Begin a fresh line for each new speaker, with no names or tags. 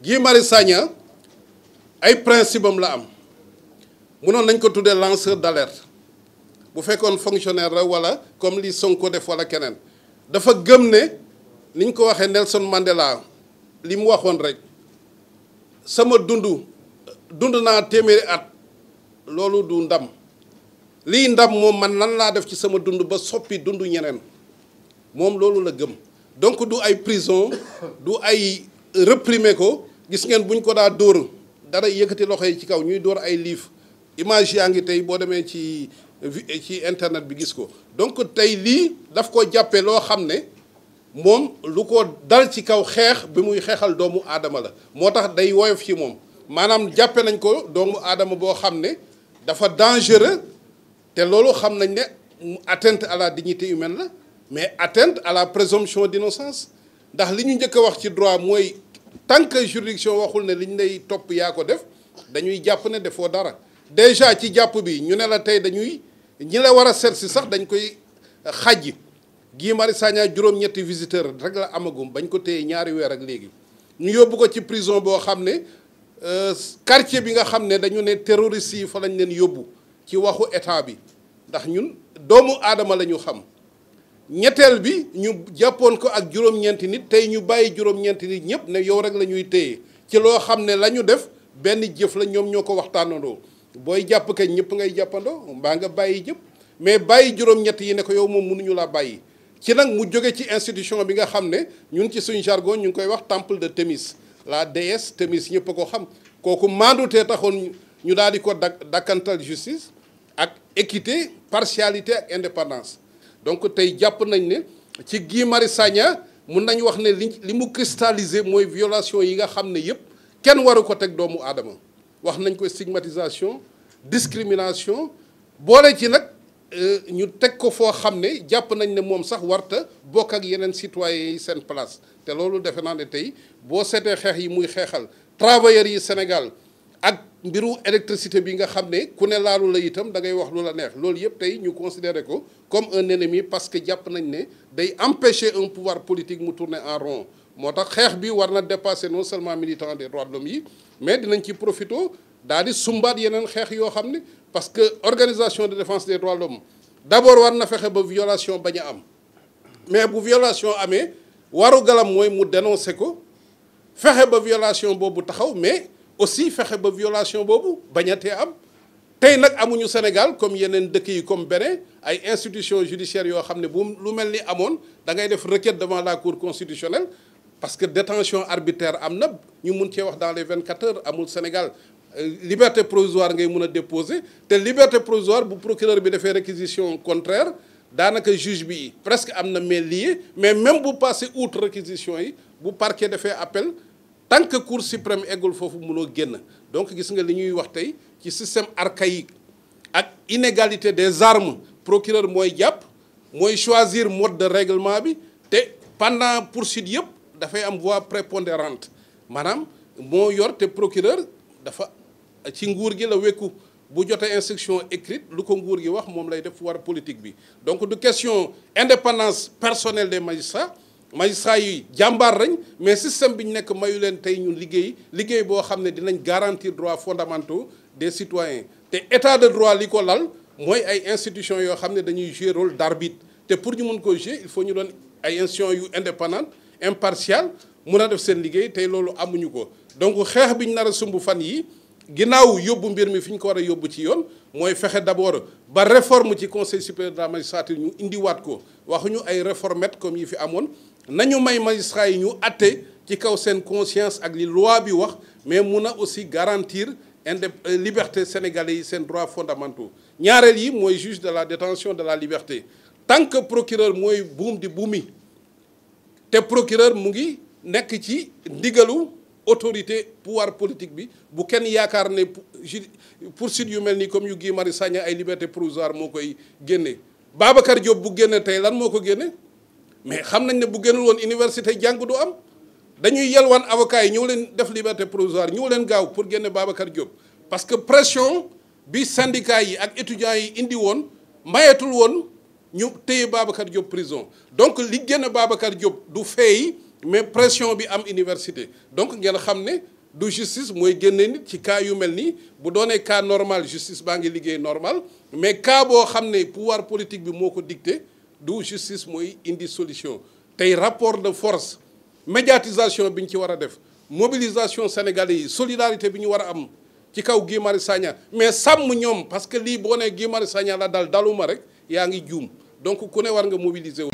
Guy Sagna ay principe la am munoon nañ ko tuddé lanceur d'alerte bu fekkoon fonctionnaire la wala comme li Sonko def wala kenen dafa gëm ne ko waxé Nelson Mandela lim mu rek sama dundu dund na téméré at lolu du ndam li ndam mom man lan la def ci sama dundu ba soppi dundu ñenen mom lolu la gëm donc du ay prison du ay réprimer ko gis ngeen buñ ko daa dóor dara yëkkati loxo yi ci kaw ñuy dóor ay liif image yaa ngi tey boo demee ci ci internet bi gis ko donc tey lii daf ko jàppee loo xam ne moom lu ko dal ci kaw xeex bi muy xeexal doomu aadama la moo tax day woyof ci moom maanaam jàppe nañ ko doomu aadama boo xam ne dafa dangereux te loolu xam nañ ne atteinte à la dignité humaine la mais atteinte à la présomption d'innocence ndax li ñu njëkk a wax ci droit mooy tant que juridiction waxul ne liñ lay topp yaa ko def dañuy jàpp ne defoo dara déjà ci jàpp bi ñu ne la tey dañuy ñi la war a seet si sax dañ koy xàjji Guy Marius Sagna juróom-ñetti visiteur rek la amagum bañ ko téye ñaari weer ak léegi ñu yóbbu ko ci prison boo xam ne euh, quartier bi nga xam ne dañu ne terroriste yi fa lañ leen yóbbu ci waxu état bi ndax ñun doomu aadama la ñu xam ñetteel bi ñu jàppoon ko ak juróom-ñeenti nit tey ñu bàyyi juróom-ñeenti nit ñëpp ne yow rek la ñuy téye ci loo xam ne la ñu def benn jëf la ñoom ñoo ko waxtaanandoo booy jàpp kañ ñëpp ngay jàppandoo mbaa nga bàyyi jëpp mais bàyyi juróom-ñett yi ne ko yow moom mënuñu laa bàyyi ci nag mu jóge ci institution bi nga xam ne ñun ci suñu jargon ñu ngi koy wax temple de temis la déesse Thémis ñëpp a ko xam kooku maandutee taxoon ñu daal di ko dakkantal justice ak équité partialité indépendance donc tey jàpp nañ ne ci Guy Marius mun nañ wax ne li li mu cristalliser mooy violation yi nga xam ne yëpp kenn waru ko teg doomu aadama wax nañ ko stigmatisation discrimination boole ci nag euh, ñu teg ko foo xam ne jàpp nañ ne moom sax warta bokk ak yeneen citoyens yi seen place te loolu defe naa ne tey boo seetee xeex yi muy xeexal travailleurs yi Sénégal ak mbiru électricité bi nga xamné ne ku ne laalu la itam da ngay wax lu la neex lool yépp tey ñu considérer ko comme un ennemi parce que japp nañ né day empêcher un pouvoir politique mu tourner en rond motax tax bi warna dépasser non seulement militants des droits de l'homme mais dinañ ci profité daal di yenen yeneen yo xamné parce que organisation de défense des droits de l'homme d'abord warna fexé ba violation baña am mais bu violation amé waru galam moy mu dénoncer ko fexé ba violation bobu taxaw mais aussi fexé ba violation bobu bañaté am tay nak amuñu Sénégal comme yenen dëkk yi comme Bénin ay institutions judiciaires yo xamné bu lu melni amone da ngay def requête devant la cour constitutionnelle parce que détention arbitraire amna ñu mën ci wax dans les 24 heures amul Sénégal euh, liberté provisoire ngay mëna a déposer té liberté provisoire bu procureur bi une réquisition contraire danaka juge bi presque amna na mais lié mais même bu passé outre réquisition yi bu parquet défé appel tant que cour suprême est fofu mënoo génn donc gis nga li ñuy wax tey ci système archaïque ak inégalité des armes procureur mooy jàpp mooy choisir mode de règlement bi te pendant poursuite yëpp dafay am voix prépondérante Madame, moo yor te procureur dafa ci nguur gi la wekku bu une instruction écrite lu ko nguur gi wax moom lay def war politique bi donc du question indépendance personnelle des magistrats magistrat yi jàmbaar lañ mais système biñ nek mayu len tay ñun liggéey liggéey bo xamné dinañ garantir droit fondamentaux des citoyens té état de droit liko lal moy ay institution yo xamné dañuy jouer rôle d'arbitre té pour ñu mën ko jouer il faut ñu don ay institution yu indépendante impartiales mëna def sen liggéey tey lolu amuñu ko donc xex biñ nara sumbu fan yi ginaaw yobbu mbir mi fiñ ko wara yobbu ci yoon mooy fexe d'abord ba réforme ci conseil supérieur de la magistrature ñu indiwaat ko waxuñu ay réformettes comme yi fi amoon nañu may magistrat yi ñu até ci kaw seen conscience ak li loi bi wax mais mun a aussi garantir euh, liberté sénégalais yi seen droits fondamentaux ñaareel yi mooy juge de la détention de la liberté tant que procureur mooy buum di buumi te procureur mu ngi nekk ci ndigalu autorité pouvoir politique bi bu kenn yaakaar ne poursuite yu mel comme yu Guy mari Sagna ay liberté provisoire moo koy génne Babacar Diop bu génne tey lan moo ko génne mais xam nañ ne bu gënul woon université jàng du am dañuy yelwaan avocat yi ñëw leen def liberté provisoire ñëw leen gaaw pour génne Babacar Diop parce que pression bi syndicat yi ak étudiants yi indi woon mayeetul woon ñu téye Babacar Diop prison donc li génne Babacar Diop du feey mais pression bi am université donc ngeen xam ne du justice mooy génne nit ci cas yu mel nii bu doonee cas normal justice baa ngi liggéey normal mais cas boo xam ne pouvoir politique bi moo ko dicté D'où justice moy indi solution tay rapport de force médiatisation biñ ci def mobilisation sénégalaise. solidarité wara am ci kaw Sagna mais ça ñom parce que li boo nee Guy Sagna la dal daluma rek yaa ngi donc ku ne war nga mobiliser